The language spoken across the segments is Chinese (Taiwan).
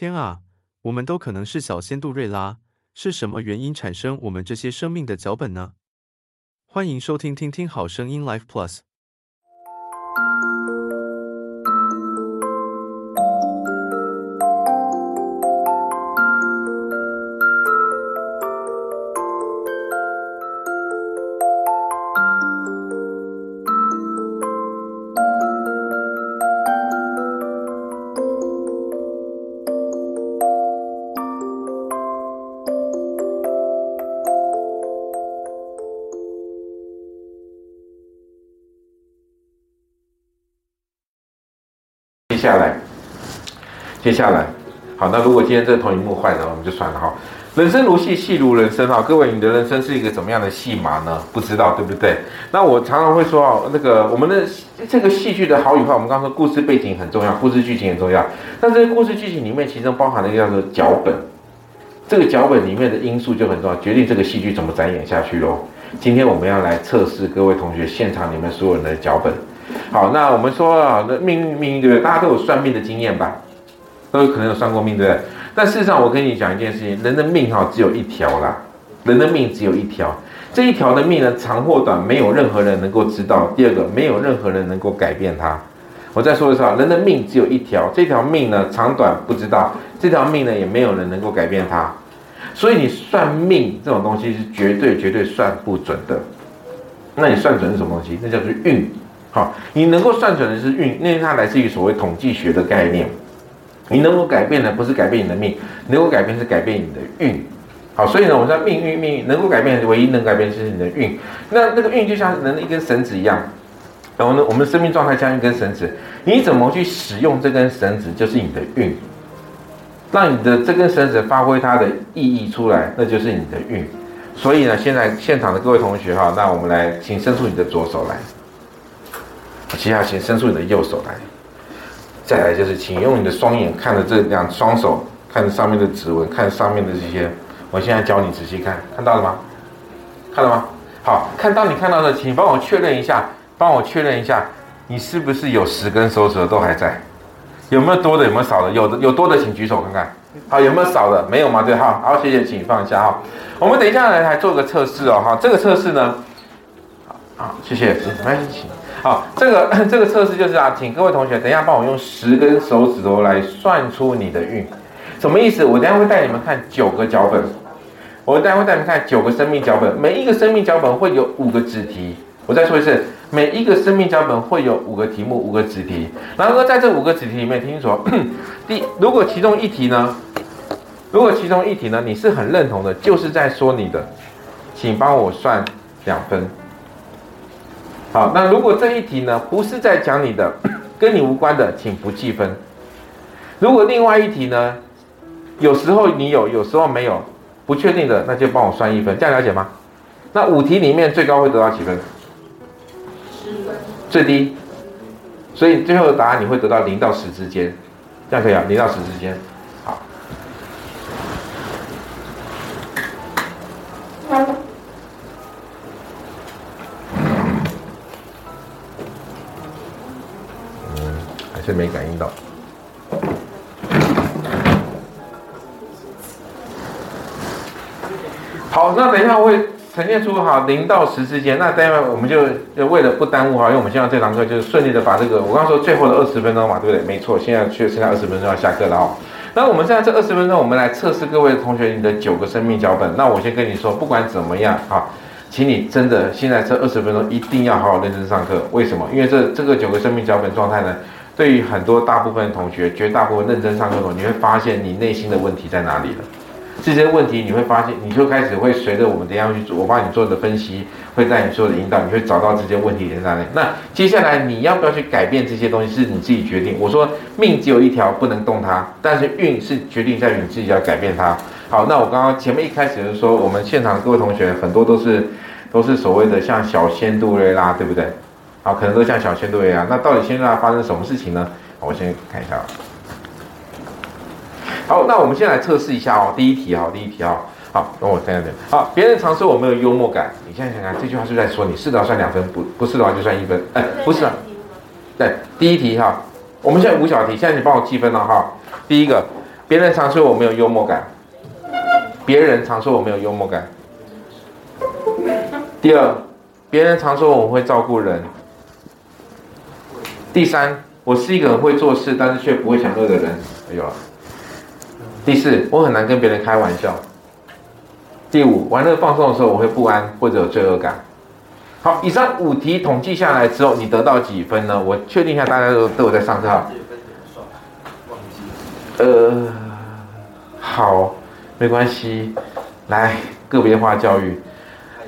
天啊，我們都可能是小仙度瑞拉，是什麼原因產生我們這些生命的腳本呢？歡迎收聽聽聽好聲音 Life Plus。接下來，好，那如果今天這個投影幕壞了，我們就算了哈。人生如戲，戲如人生哈、哦，各位，你的人生是一個怎麼樣的戲碼呢？不知道對不對？那我常常會說啊、哦，那個我們的這個戲劇的好與壞，我們剛剛說故事背景很重要，故事劇情很重要，但這個故事劇情裡面，其中包含了一個叫做腳本，這個腳本裡面的因素就很重要，決定這個戲劇怎麼展演下去嘍。今天我們要來測試各位同學現場裡面所有人的腳本。好，那我們說啊，那命運，命運對不對？大家都有算命的經驗吧？都有可能有算過命，對不對？但事實上，我跟你講一件事情：人的命哈，只有一條啦，人的命只有一條。這一條的命呢，長或短，沒有任何人能夠知道。第二個，沒有任何人能夠改變它。我再說一次啊，人的命只有一條，這條命呢，長短不知道，這條命呢，也沒有人能夠改變它。所以你算命這種東西是絕對絕對算不準的。那你算準是什麼東西？那叫做運。好，你能夠算準的是運，因為它來自於所謂統計學的概念。你能夠改變的不是改變你的命，能夠改變是改變你的運。好，所以呢，我們說命運，命運能夠改變，唯一能改變就是你的運。那那個運就像人的一根繩子一樣，然後呢，我們生命狀態像一根繩子，你怎麼去使用這根繩子，就是你的運。讓你的這根繩子發揮它的意義出來，那就是你的運。所以呢，現在現場的各位同學哈，那我們來，請伸出你的左手來。接下來，請伸出你的右手來。再來就是，請用你的雙眼看着這兩雙手，看着上面的指紋，看上面的這些。我現在教你仔細看，看到了嗎？看到了嗎？好，看到你看到的，請幫我確認一下，幫我確認一下，你是不是有十根手指頭都還在？有沒有多的？有沒有少的？有的有多的，請舉手看看。好，有沒有少的？沒有嗎？對，好，好，謝謝，請放下哈。我們等一下來還做個測試哦，哈，這個測試呢，好，好，謝謝，沒關係，好，這個這個測試就是啊，請各位同學等一下幫我用十根手指頭來算出你的運，什麼意思？我等一下會帶你們看九個腳本，我等一下會帶你們看九個生命腳本，每一個生命腳本會有五個子題。我再說一次，每一個生命腳本會有五個題目，五個子題。然後在這五個子題裡面，聽清楚，第如果其中一題呢，如果其中一題呢你是很認同的，就是在說你的，請幫我算兩分。好，那如果這一題呢，不是在講你的，跟你無關的，請不計分。如果另外一題呢，有時候你有，有時候沒有，不確定的，那就幫我算一分，這樣了解嗎？那五題裡面最高會得到幾分？十分。最低。所以最後的答案你會得到零到十之間，這樣可以啊，零到十之間。沒感應到。好，那等一下我會呈現出好零到十之間。那待會我們就，就為了不耽誤哈，因為我們現在這堂課就是順利的把這個我剛說最後的二十分鐘嘛，對不對？沒錯，現在卻剩下二十分鐘要下課了哦。那我們現在這二十分鐘，我們來測試各位同學你的九個生命腳本。那我先跟你說，不管怎麼樣哈，請你真的現在這二十分鐘一定要好好認真上課。為什麼？因為這這個九個生命腳本狀態呢，對於很多大部分的同學，絕大部分認真上課的時候，你會發現你內心的問題在哪裡了。這些問題你會發現，你就開始會隨着我們怎樣去，我幫你做的分析，會帶你做的引導，你會找到這些問題點在哪裡。那接下來你要不要去改變這些東西，是你自己決定。我說命只有一條，不能動它，但是運是決定在於你自己要改變它。好，那我剛剛前面一開始就說，我們現場的各位同學很多都是都是所謂的像小仙度瑞拉，對不對？好可能都像小仙度瑞拉一樣，那到底現在發生什麼事情呢？我先看一下好。好，那我們先來測試一下哦。第一題哈，第一題哈。好，幫我看一下。好，別人常說我沒有幽默感，你現在想想看，這句話是不是在說你，是的話算兩分，不不是的話就算一分。哎、欸，不是啊。對，第一題哈，我們現在五小題，現在你幫我計分了、哦、哈。第一個，別人常說我沒有幽默感，別人常說我沒有幽默感。第二，別人常說我們會照顧人。第三，我是一個很會做事，但是卻不會享樂的人。哎呦、啊！第四，我很難跟別人開玩笑。第五，玩樂放鬆的時候，我會不安或者有罪惡感。好，以上五題統計下來之後，你得到幾分呢？我確定一下，大家都都有在上課。呃，好，沒關係。來，個別化教育。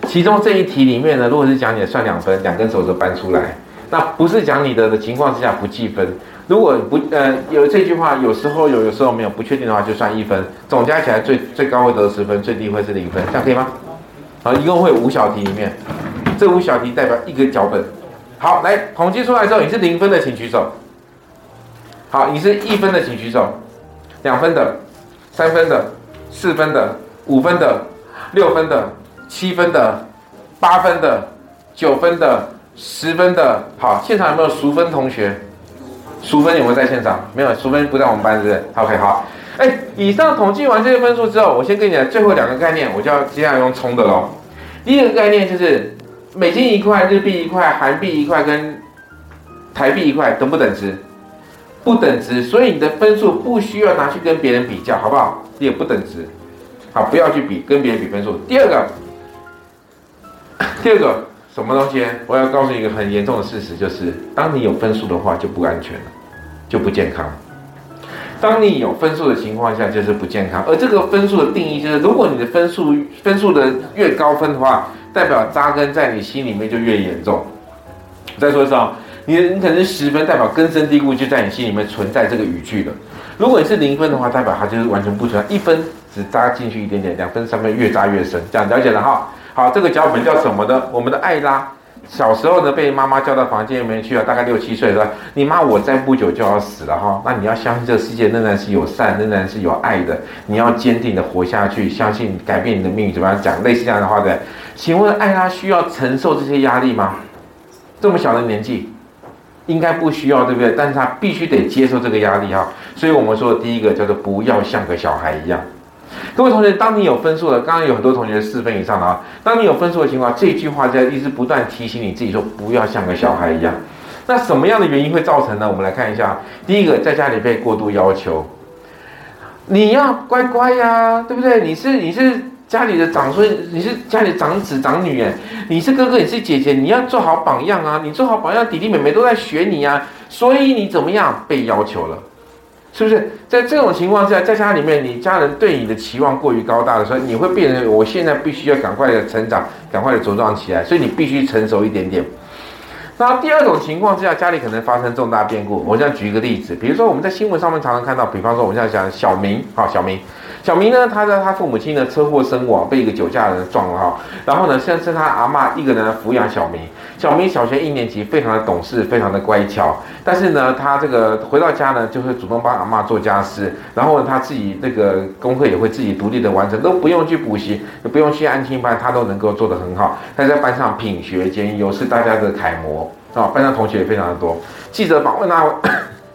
其中這一題裡面呢，如果是講解算兩分，兩根手指搬出來。那不是講你的的情況之下不計分，如果不呃有這句話，有時候有，有時候沒有，不確定的話就算一分，總加起來最最高會得十分，最低會是零分，這樣可以嗎？好，一共會有五小題裡面，這五小題代表一個腳本。好，來統計出來之後，你是零分的請舉手。好，你是一分的請舉手，兩分的，三分的，四分的，五分的，六分的，七分的，八分的，九分的。十分的。好，現場有沒有淑芬同學？淑芬有沒有在現場？沒有，淑芬不在我們班，是不是？OK，好。哎、欸，以上統計完這些分數之後，我先跟你講最後兩個概念，我就要接下來用衝的咯。第一個概念就是，美金一塊、日幣一塊、韓幣一塊跟台幣一塊等不等值？不等值，所以你的分數不需要拿去跟別人比較，好不好？也不等值，好，不要去比，跟別人比分數。第二個，第二個。什麼東西？我要告訴你一個很嚴重的事實，就是當你有分數的話，就不安全了，就不健康了。當你有分數的情況下，就是不健康。而這個分數的定義就是，如果你的分數分數的越高分的話，代表扎根在你心裡面就越嚴重。再說一次啊、哦，你你可能是十分，代表根深蒂固就在你心裡面存在這個語句了。如果你是零分的話，代表它就是完全不存在。一分只扎進去一點點，兩分、三分越扎越深，這樣了解了哈。好，這個腳本叫什麼呢？我們的艾拉小時候呢，被媽媽叫到房間裡面去了，大概六七歲，說：‘你媽，我在不久就要死了哈。那你要相信這個世界仍然是有善，仍然是有愛的。你要堅定地活下去，相信改變你的命運。怎麼樣講類似這樣的話的？請問艾拉需要承受這些壓力嗎？這麼小的年紀，應該不需要，對不對？但是他必須得接受這個壓力哈，所以我們說，第一個叫做、就是、不要像個小孩一樣。各位同學，當你有分數了，剛剛有很多同學四分以上啊，當你有分數的情況，這句話在一直不斷提醒你自己說，說不要像個小孩一樣。那什麼樣的原因會造成呢？我們來看一下，第一個，在家裡被過度要求，你要乖乖呀、啊，對不對？你是你是家裡的長孫，你是家裡長子長女，哎，你是哥哥，你是姐姐，你要做好榜樣啊，你做好榜樣，弟弟妹妹都在學你啊，所以你怎麼樣被要求了？是不是在這種情況下，在家裡面，你家人對你的期望過於高大的時候，你會變成我現在必須要趕快的成長，趕快的茁壯起來，所以你必須成熟一點點。那第二種情況之下，家裡可能發生重大變故，我現在舉一個例子，比如說我們在新聞上面常常看到，比方說我們現在講小明哈，小明。小明呢，他在他父母親的車禍身亡，被一個酒駕人撞了哈。然後呢，現在是他阿嬤一個人撫養小明。小明小學一年級，非常的懂事，非常的乖巧。但是呢，他這個回到家呢，就會主動幫阿嬤做家事，然後他自己那個功課也會自己獨立的完成，都不用去補習，也不用去安親班，他都能夠做得很好。他在班上品學兼優，是大家的楷模啊。班上同學也非常的多。記者訪問他。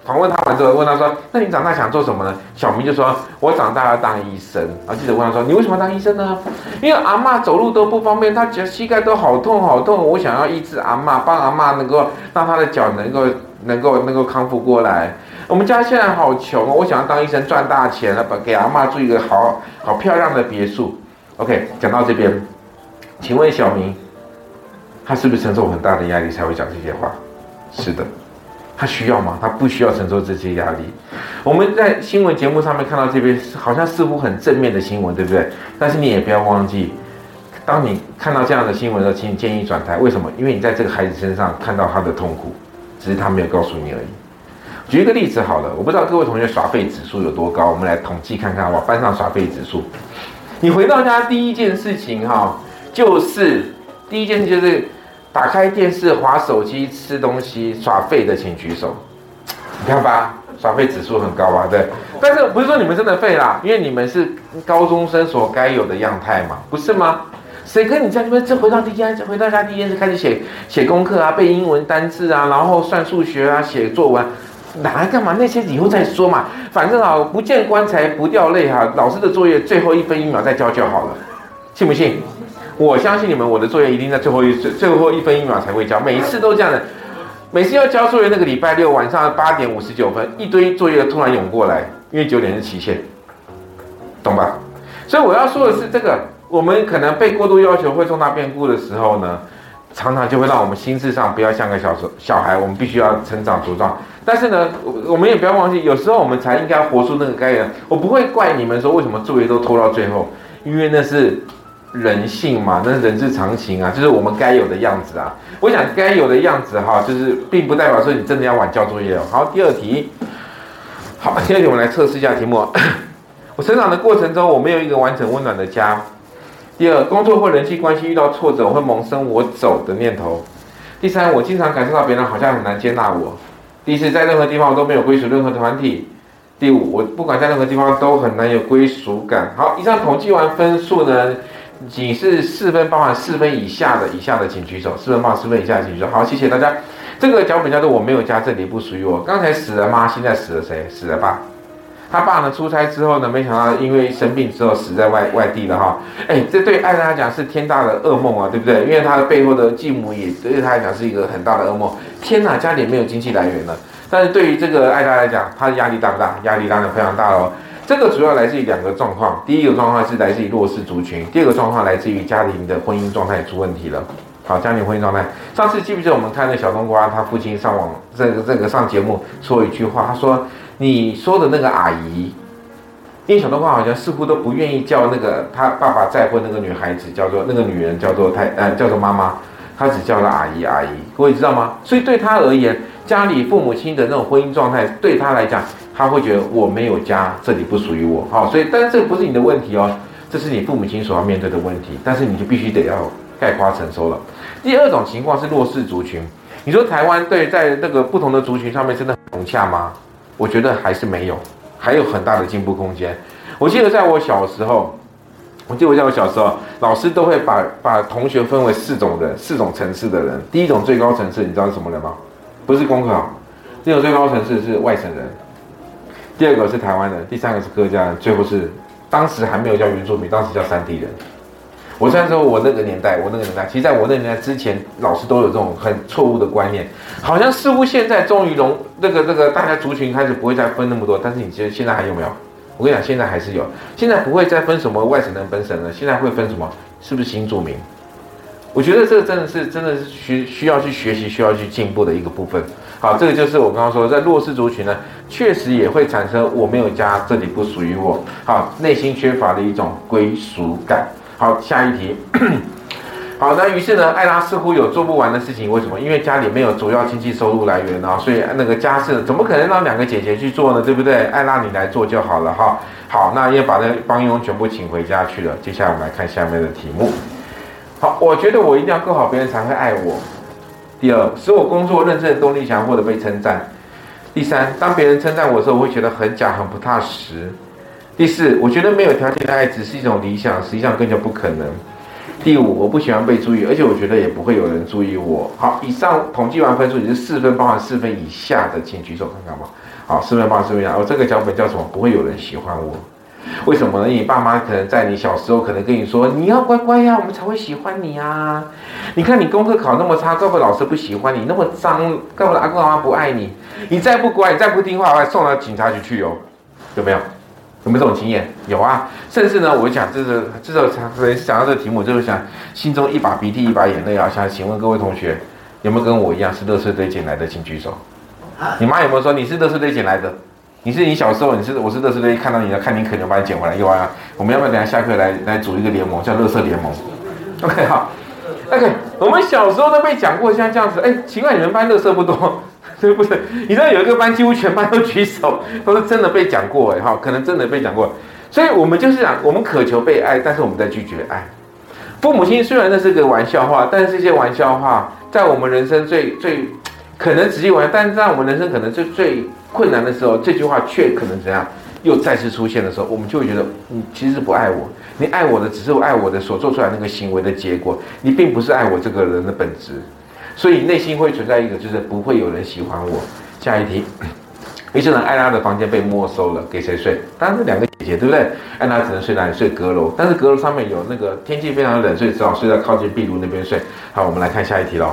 訪問他完之後，問他說：“那你長大想做什麼呢？”小明就說：“我長大要當醫生。”然後記者問他說：“你為什麼當醫生呢？”因為阿嬤走路都不方便，她腳膝蓋都好痛好痛，我想要醫治阿嬤，幫阿嬤能夠讓她的腳能夠能夠能夠康復過來。我們家現在好窮哦，我想要當醫生賺大錢了，把給阿嬤住一個好好漂亮的別墅。OK，講到這邊，請問小明，他是不是承受很大的壓力才會講這些話？是的。他需要嗎？他不需要承受這些壓力。我們在新聞節目上面看到這邊好像似乎很正面的新聞，對不對？但是你也不要忘記，當你看到這樣的新聞的時候，請你建議轉台。為什麼？因為你在這個孩子身上看到他的痛苦，只是他沒有告訴你而已。舉一個例子好了，我不知道各位同學耍廢指數有多高，我們來統計看看。哇，班上耍廢指數，你回到家第一件事情哈、哦，就是第一件事就是。打開電視、滑手機、吃東西、耍廢的，請舉手。你看吧，耍廢指數很高吧？對，但是不是說你們真的廢啦？因為你們是高中生所該有的樣態嘛，不是嗎？誰跟你在那邊？這回到第一天，回到家第一天就開始寫寫功課啊，背英文單字啊，然後算數學啊，寫作文，哪來幹嘛？那些以後再說嘛。反正啊，不見棺材不掉淚哈、啊。老師的作業最後一分一秒再交就好了，信不信？我相信你們，我的作業一定在最後一最最後一分一秒才會交，每一次都這樣的。每次要交作業那個禮拜六晚上的八點五十九分，一堆作業突然湧過來，因為九點是期限，懂吧？所以我要說的是，這個我們可能被過度要求會重大變故的時候呢，常常就會讓我們心智上不要像個小小孩，我們必須要成長茁壯。但是呢，我們也不要忘記，有時候我們才應該活出那個概念。我不會怪你們說為什麼作業都拖到最後，因為那是。人性嘛，那是人之常情啊，就是我們該有的樣子啊。我想該有的樣子哈，就是並不代表說你真的要晚交作業哦。好，第二題，好，第二題我們來測試一下題目。 我成長的過程中，我沒有一個完整溫暖的家。第二，工作或人際關係遇到挫折，我會萌生我走的念頭。第三，我經常感受到別人好像很難接納我。第四，在任何地方我都沒有歸屬任何團體。第五，我不管在任何地方都很難有歸屬感。好，以上統計完分數呢。你是四分包含四分以下的以下的，請舉手。四分包含四分以下，請舉手。好，謝謝大家。這個腳本叫做《我沒有家》，這裡不屬於我。剛才死了媽，現在死了誰？死了爸。他爸呢？出差之後呢？沒想到因為生病之後死在外外地了哈。哎，這對艾達來講是天大的噩夢啊，對不對？因為他的背後的繼母也對他來講是一個很大的噩夢。天哪，家裡沒有經濟來源了。但是對於這個艾達來講，他的壓力大不大？壓力當然非常大哦。這個主要來自於兩個狀況，第一個狀況是來自於弱勢族群，第二個狀況來自於家庭的婚姻狀態出問題了。好，家庭婚姻狀態，上次記不記得我們看那小冬瓜，他父親上網這個這個上節目說一句話，他說：“你說的那個阿姨，因為小冬瓜好像似乎都不願意叫那個他爸爸再婚那個女孩子叫做那個女人叫做太呃叫做媽媽，他只叫了阿姨阿姨，各位知道嗎？所以對他而言，家裡父母親的那種婚姻狀態對他來講。”他會覺得我沒有家，這裡不屬於我，好、哦，所以，但這個不是你的問題哦，這是你父母親所要面對的問題，但是你就必須得要概括承受了。第二種情況是弱勢族群，你說台灣對在那個不同的族群上面真的融洽嗎？我覺得還是沒有，還有很大的進步空間。我記得在我小時候，我記得在我小時候，老師都會把把同學分為四種人，四種層次的人。第一種最高層次，你知道是什麼人嗎？不是功課，那種最高層次是外省人。第二個是台灣人，第三個是客家人，最後是，當時還沒有叫原住民，當時叫山地人。我雖然說我那個年代，我那個年代，其實在我那個年代之前，老師都有這種很錯誤的觀念，好像似乎現在終於融那個那個大家族群開始不會再分那麼多，但是你覺得現在還有沒有？我跟你講，現在還是有，現在不會再分什麼外省人、本省人，現在會分什麼？是不是新住民？我覺得這個真的是真的是需需要去學習、需要去進步的一個部分。好，這個就是我剛剛說的，在弱勢族群呢，確實也會產生我沒有家，這裡不屬於我，好，內心缺乏的一種歸屬感。好，下一題。 好，那於是呢，艾拉似乎，有做不完的事情，為什麼？因為家裡沒有主要經濟收入來源啊、哦，所以那個家事怎麼可能讓兩個姐姐去做呢？對不對？艾拉，你來做就好了哈、哦。好，那要把那幫傭全部請回家去了。接下來我們來看下面的題目。好，我覺得我一定要夠好，別人才會愛我。第二，使我工作認真的動力強，或者被稱讚。第三，當別人稱讚我的時候，我會覺得很假，很不踏實。第四，我覺得沒有條件的愛只是一種理想，實際上根本就不可能。第五，我不喜歡被注意，而且我覺得也不會有人注意我。好，以上統計完分數，也是四分包含四分以下的，請舉手看看吧。好，四分包含四分以下，哦，這個腳本叫什麼？不會有人喜歡我。為什麼呢？你爸媽可能在你小時候，可能跟你說，你要乖乖呀、啊，我們才會喜歡你啊。你看你功課考那麼差，怪不得老師不喜歡你；那麼髒，怪不得阿公阿媽不愛你。你再不乖，你再不聽話，我還送到警察局去喲。有沒有？有沒有這種經驗？有啊。甚至呢，我想這是，這時候想到這個題目，就是想心中一把鼻涕一把眼淚啊。想請問各位同學，有沒有跟我一樣是垃圾堆撿來的？請舉手。你媽有沒有說你是垃圾堆撿來的？你是你小時候，你是我是樂色隊看到你的，看你可憐，我把你撿回來意啊。我們要不要等下下課來來組一個聯盟，叫樂色聯盟？OK，好。OK。我們小時候都被講過，像這樣子。哎、欸，奇怪，你們班樂色不多，對 不對？你知道有一個班幾乎全班都舉手，都是真的被講過哎、欸、哈，可能真的被講過。所以我們就是想，我們渴求被愛，但是我們在拒絕愛。父母親雖然那是個玩笑話，但是這些玩笑話在我們人生最最可能直接玩，但是在我們人生可能最最。困難的時候，這句話卻可能怎樣？又再次出現的時候，我們就會覺得你其實不愛我。你愛我的只是我愛我的所做出來那個行為的結果，你並不是愛我這個人的本質。所以內心會存在一個，就是不會有人喜歡我。下一題：醫生的愛拉的房間被沒收了，給誰睡？當然是兩個姐姐，對不對？愛拉只能睡哪裡？睡閣樓。但是閣樓上面有那個天氣非常冷，所以只好睡在靠近壁爐那邊睡。好，我們來看下一題嘍。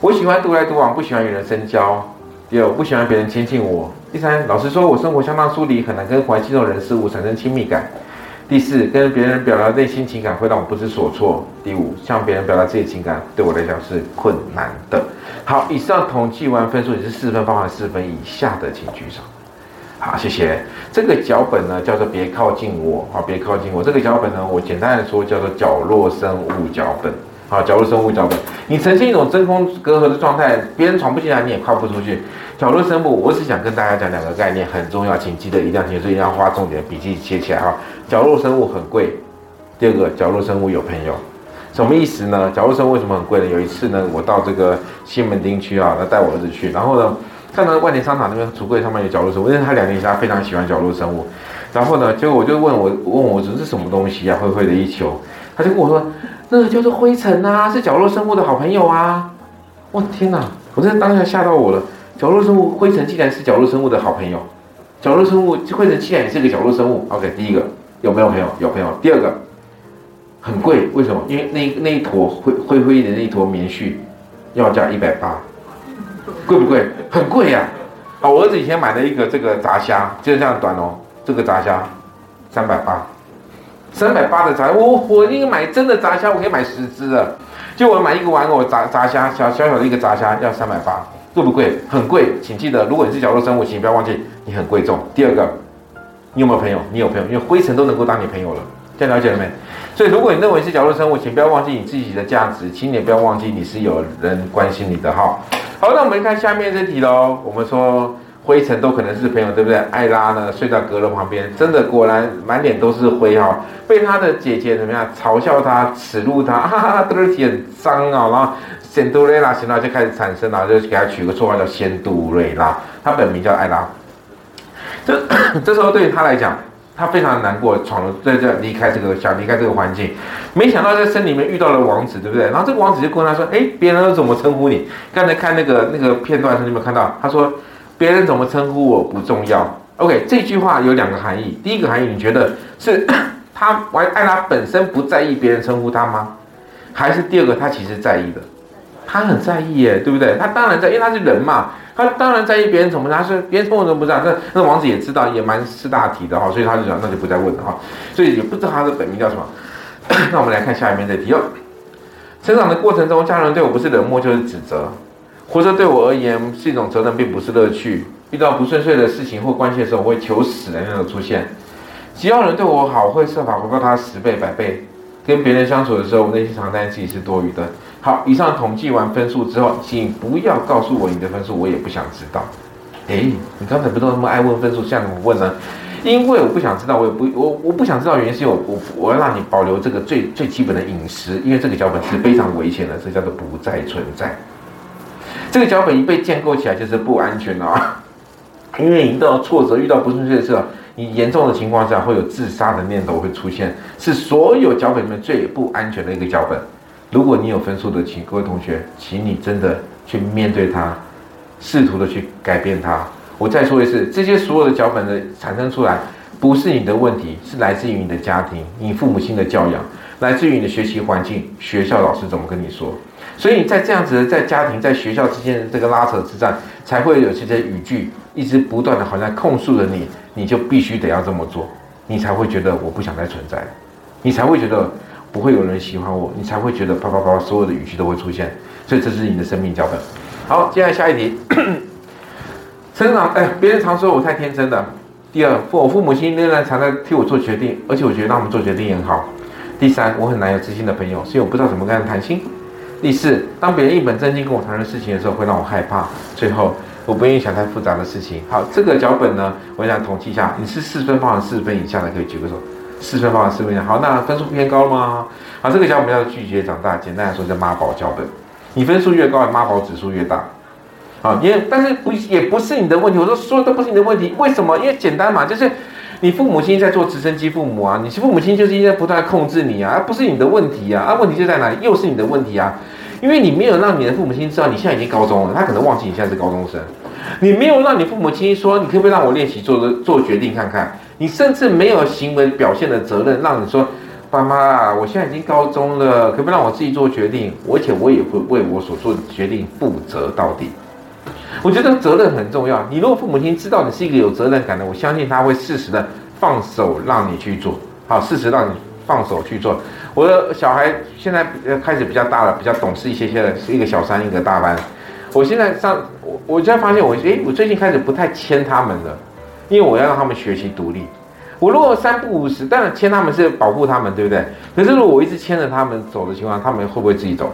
我喜歡獨來獨往，不喜歡與人深交。第二，不喜歡別人親近我。第三，老實說，我生活相當疏離，很難跟環境中人事物產生親密感。第四，跟別人表達內心情感會讓我不知所措。第五，向別人表達自己情感對我來講是困難的。好，以上統計完分數也是四分、方法四分以下的，請舉手。好，謝謝。這個腳本呢，叫做別“別靠近我”好，別靠近我”。這個腳本呢，我簡單的說叫做“角落生物腳本”。好，角落生物腳本，你呈現一種真空隔閡的狀態，別人闖不進來，你也跨不出去。角落生物，我只想跟大家講兩個概念，很重要，請記得一定要記住，一定要花重點筆記寫起來哈。角落生物很貴，第二個，角落生物有朋友，什麼意思呢？角落生物為什麼很貴呢？有一次呢，我到這個西門町區啊，那帶我兒子去，然後呢，看到萬年商場那邊櫥櫃上面有角落生物，因為他兩年前他非常喜歡角落生物，然後呢，結果我就問我問我，問我說這是什麼東西呀？啊，灰灰的一球，他就跟我說。那個就是灰塵啊，是角落生物的好朋友啊！我的天哪，我真的當下嚇到我了。角落生物灰塵竟然是角落生物的好朋友，角落生物灰塵竟然也是個角落生物。OK，第一個有沒有朋友？有朋友。第二個很貴，為什麼？因為那那一坨灰灰灰的那一坨棉絮，要價一百八，貴不貴？很貴呀！啊、哦，我兒子以前買了一個這個炸蝦，就是這樣短哦，這個炸蝦三百八。三百八的炸我我應該買真的炸蝦，我可以買十隻的。就我買一個玩偶炸炸蝦，小小小的一個炸蝦要三百八，貴不貴？很貴。請記得，如果你是角落生物，請不要忘記你很貴重。第二個，你有沒有朋友？你有朋友，因為灰塵都能夠當你朋友了，這樣了解了沒？所以如果你認為你是角落生物，請不要忘記你自己的價值，請你也不要忘記你是有人關心你的哈。好，那我們看下面這題嘍，我們說。灰塵都可能是朋友，對不對？艾拉呢，睡在閣樓旁邊，真的果然滿臉都是灰哈、哦。被他的姐姐怎麼樣嘲笑他、恥辱他啊，都是很髒啊、哦。然後仙度瑞拉，然後就開始產生啊，就給他取個綽號叫仙度瑞拉。他本名叫艾拉。這 這時候對於他來講，他非常難過，闖了在這離開這個想離開這個環境。沒想到在森林裡面遇到了王子，對不對？然後這個王子就跟他說：“誒，別人都怎麼稱呼你？剛才看那個那個片段的時候，你有沒有看到？他說。”別人怎麼稱呼我不重要。OK，這句話有兩個含義。第一個含義，你覺得是他仙度瑞拉本身不在意別人稱呼他嗎？還是第二個，他其實在意的，他很在意耶，對不對？他當然在，因為他是人嘛，他當然在意別人怎麼。他是別人稱呼我都不知道，那那王子也知道，也蠻識大體的哈，所以他就講那就不再問了哈。所以也不知道他的本名叫什麼。 那我們來看下一面這題哦。成長的過程中，家人對我不是冷漠就是指責。活着對我而言是一種責任，並不是樂趣。遇到不順遂的事情或關係的時候，我會求死的那種出現。只要人對我好，我會設法回報他十倍百倍。跟別人相處的時候，我內心常擔心自己是多餘的。好，以上統計完分數之後，請不要告訴我你的分數，我也不想知道。哎、欸，你剛才不都那麼愛問分數，這樣怎麼問呢？因為我不想知道，我也不我我不想知道原因是有，是我我我要讓你保留這個最最基本的隱私，因為這個腳本是非常危險的，這叫做不再存在。這個腳本一被建構起來就是不安全的啊，因為一到挫折，遇到不順遂的時候，你嚴重的情況下會有自殺的念頭會出現，是所有腳本裡面最不安全的一個腳本。如果你有分數的，請各位同學，請你真的去面對它，試圖的去改變它。我再說一次，這些所有的腳本的產生出來，不是你的問題，是來自於你的家庭、你父母親的教養，來自於你的學習環境，學校老師怎麼跟你說？所以在這樣子的，在家庭在學校之間的這個拉扯之戰，才會有這些語句一直不斷的好像控訴着你，你就必須得要這麼做，你才會覺得我不想再存在，你才會覺得不會有人喜歡我，你才會覺得啪啪啪所有的語句都會出現，所以這是你的生命腳本。好，接下來下一題，陳長，哎， 別、呃、人常說我太天真了。第二，我父母親仍然常在替我做決定，而且我覺得讓他們做決定很好。第三，我很難有知心的朋友，所以我不知道怎麼跟他談心。第四，當別人一本正經跟我談論事情的時候，會讓我害怕。最後，我不願意想太複雜的事情。好，這個腳本呢，我想統計一下，你是四分包含四分以下的，可以舉個手。四分包含四分以下，好，那分數偏高了嗎？好，這個腳本要拒絕長大。簡單來說，叫媽寶腳本。你分數越高，媽寶指數越大。好，也但是不也不是你的問題。我說說的都不是你的問題，為什麼？因為簡單嘛，就是。你父母親在做直升機父母啊，你父母親就是一直在不斷的控制你啊，而不是你的問題啊，啊問題就在哪裡？又是你的問題啊，因為你沒有讓你的父母親知道你現在已經高中了，他可能忘記你現在是高中生，你沒有讓你父母親說，你可不可以讓我練習做做決定看看，你甚至沒有行為表現的責任，讓你說，爸媽，我現在已經高中了，可不可以讓我自己做決定，而且我也會為我所做的決定負責到底。我覺得責任很重要。你如果父母親知道你是一個有責任感的，我相信他會適時的放手讓你去做，好，適時讓你放手去做。我的小孩現在開始比較大了，比較懂事一些些了，是一個小三，一個大班。我現在上，我我現在發現我，誒、欸，我最近開始不太牽他們了，因為我要讓他們學習獨立。我如果三不五時，當然牽他們是保護他們，對不對？可是如果我一直牽着他們走的情況，他們會不會自己走？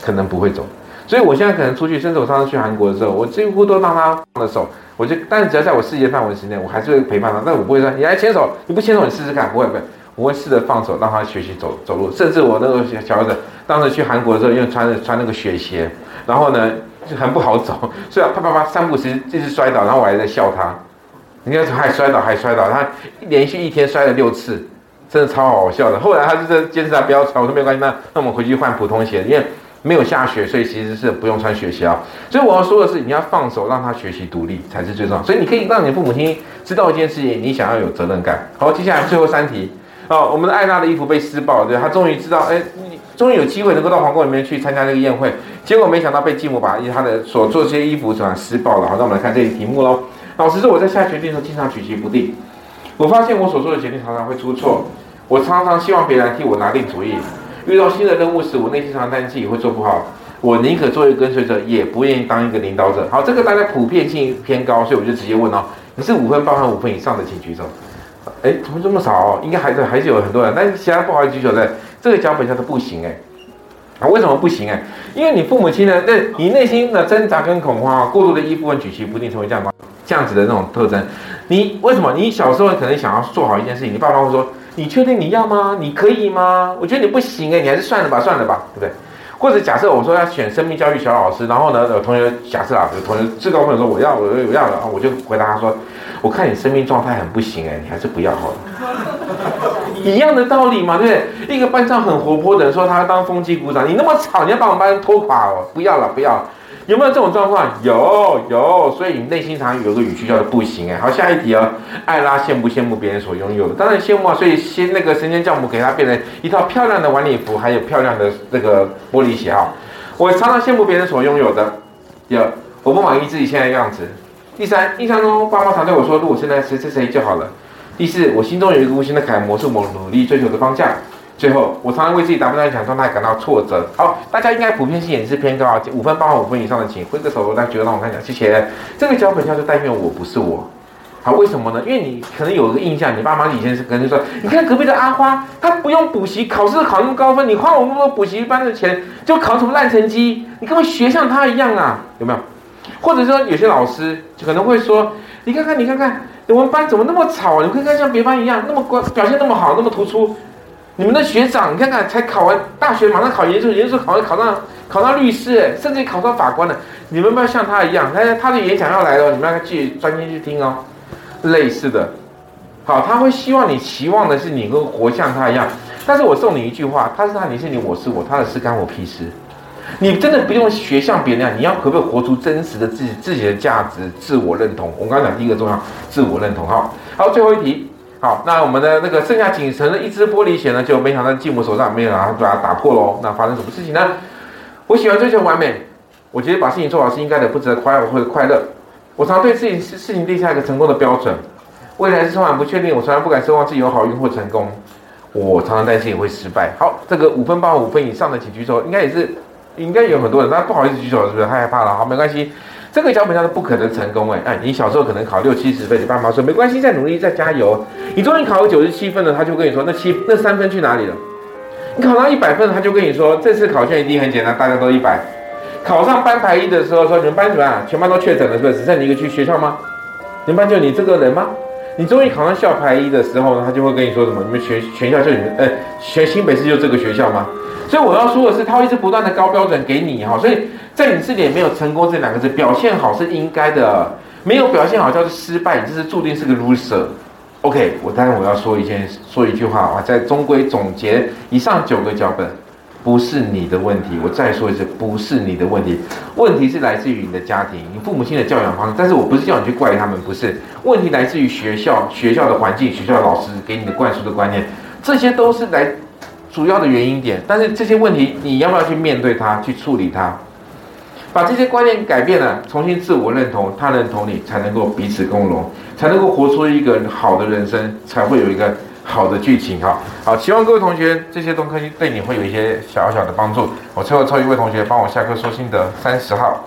可能不會走。所以，我現在可能出去，甚至我上次去韓國的時候，我幾乎都讓他放了手。我就，但只要在我視野範圍之內，我還是會陪伴他。但我不會說你來牽手，你不牽手你試試看，不會，不會，我會試着放手，讓他學習走走路。甚至我那個小兒子當時去韓國的時候，因為穿着穿那個雪鞋，然後呢就很不好走，所以啪啪啪三步時就是摔倒，然後我還在笑他，你看他還摔倒還摔倒，摔倒他連續一天摔了六次，真的超好笑的。後來他就在堅持他不要穿，我說沒關係，那那我們回去換普通鞋，因為沒有下雪，所以其實是不用穿雪鞋啊。所以我要說的是，你要放手讓他學習獨立才是最重要。所以你可以讓你的父母親知道一件事情，你想要有責任感。好，接下來最後三題啊、哦，我們的艾拉的衣服被撕爆了，對他終於知道，哎，終於有機會能夠到皇宮裡面去參加那個宴會，結果沒想到被繼母把他的所做這些衣服轉撕爆了。好，讓我們來看這一題目嘍。老實說我在下決定的時候經常舉棋不定，我發現我所做的決定常常會出錯，我常常希望別人替我拿定主意。遇到新的任務時，我內心常常擔心自己也會做不好。我寧可做一個跟隨者，也不願意當一個領導者。好，這個大家普遍性偏高，所以我就直接問哦：你是五分、包含五分以上的，請舉手。哎、欸，怎麼這麼少、哦？應該還是還是有很多人。但是其他不好意思舉手的，這個腳本叫做不行哎。啊，為什麼不行哎、欸？因為你父母親呢，那你內心的掙扎跟恐慌，過度的一部分舉棋不一定，成為這樣嗎這樣子的那種特徵。你為什麼？你小時候可能想要做好一件事情，你爸媽會說。你確定你要嗎？你可以嗎？我覺得你不行哎、欸，你還是算了吧，算了吧，對不對？或者假設我說要選生命教育小老師，然後呢，有同學假設啊，有同學自告奮勇說我要，我要，然後我就回答他說，我看你生命狀態很不行哎、欸，你還是不要好了。 一樣的道理嘛，對不對？一個班上很活潑的人說他要當風紀股長，你那麼吵，你要把我們班拖垮哦，不要了，不要了。有沒有這種狀況？有有。所以你內心常，常有個語句叫做“不行、欸”哎。好，下一題哦、啊。艾拉羨慕羨慕別人所擁有的，當然羨慕啊。所以先那個神仙教母給他變成一套漂亮的晚禮服，還有漂亮的那個玻璃鞋啊。我常常羨慕別人所擁有的。有，我不滿意自己現在樣子。第三，印象中爸媽常對我說：“如果現在誰誰誰就好了。”第四，我心中有一個無形的楷模，是我努力追求的方向。最後，我常常為自己達不到理想狀態感到挫折。好，大家應該普遍性也是演示偏高啊，五分八、五分以上的請揮個手，來覺得讓我看一下，謝謝。這個腳本叫做“但願我不是我”。好，為什麼呢？因為你可能有一個印象，你爸媽以前是可能就說：“你看隔壁的阿花，她不用補習，考試考那麼高分，你花我那麼多補習班的錢，就考什麼爛成績？你幹嘛學像他一樣啊？有沒有？”或者說，有些老師就可能會說：“你看看，你看看，我們班怎麼那麼吵啊？你看看，像別班一樣那麼乖，表現那麼好，那麼突出。你們的學長，你看看，才考完大學，馬上考研究生，研究生考完考上考上律師，甚至也考上法官了。你們不要像他一樣，他他的演講要來了，你們要去專心去聽哦。類似的，好，他會希望你期望的是你能活像他一樣。但是我送你一句話：他是他，你是你，我是我，他的事干我屁事。”你真的不用學像別人那樣，你要可不可以活出真實的自己，自己的價值、自我認同？我剛剛講第一個重要，自我認同。好，好，最後一題。好，那我們的那個剩下僅存的一只玻璃鞋呢，就沒想到進我手上沒有，然後把它打破咯、哦。那發生什麼事情呢？我喜歡追求完美，我覺得把事情做好是應該的，不值得誇耀或者快樂。我常,常對自己事事情立下一個成功的標準，未來是充滿不確定，我常常不敢奢望自己有好運或成功，我常常擔心也會失敗。好，這個五分八五分以上的請舉手，應該也是。應該有很多人，他不好意思舉手，是不是？太害怕了。好，沒關係，這個腳本上是不可能成功、欸。哎，你小時候可能考六七十分，你爸媽說沒關係，再努力，再加油、啊。你終於考了九十七分了，他就跟你說，那七那三分去哪裡了？你考到一百分了，他就跟你說，這次考卷一定很簡單，大家都一百。考上班排一的時候，說你們班主任全班都確診了，是不是？只剩你一個去學校嗎？你們班就你這個人嗎？你終於考上校排一的時候呢，他就會跟你說什麼？你們學學校就你們，哎，學新北市就這個學校嗎？所以我要說的是，他會一直不斷的高標準給你哈，所以在你這裡也沒有成功這兩個字，表現好是應該的，沒有表現好叫做失敗，你這是注定是個 loser。OK，我當然我要說一件，說一句話啊，在中規總結以上九個腳本。不是你的問題，我再說一次，不是你的問題。問題是來自於你的家庭，你父母親的教養方式。但是我不是叫你去怪他們，不是。問題來自於學校，學校的環境，學校的老師給你的灌輸的觀念，這些都是來主要的原因點。但是這些問題，你要不要去面對它，去處理它？把這些觀念改變了，重新自我認同，他認同你，才能夠彼此共榮，才能夠活出一個好的人生，才會有一個。好的劇情哈、啊，好，希望各位同學這些東西對你會有一些小小的幫助。我最後抽一位同學幫我下課說心得，三十號。